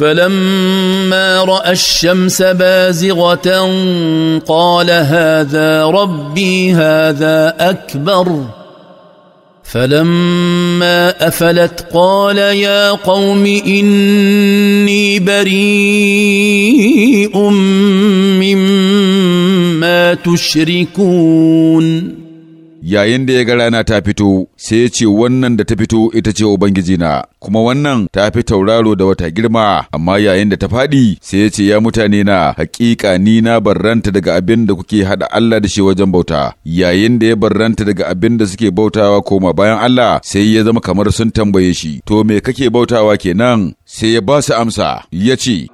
فلما راى الشمس بازغه قال هذا ربي هذا اكبر فلما افلت قال يا قوم اني بريء مما تشركون yayin da ya ga rana ta fito sai ya ce wannan da ta fito ita ce ubangiji na. kuma wannan ta fi tauraro da wata girma amma yayin da ta faɗi sai ya ce ya mutane na hakika ni na barranta daga abin da kuke haɗa Allah da shi wajen bauta yayin da ya barranta daga abin da suke bautawa koma bayan Allah sai ya zama kamar sun tambaye shi to me kake bautawa kenan sai ya ba su amsa ya ce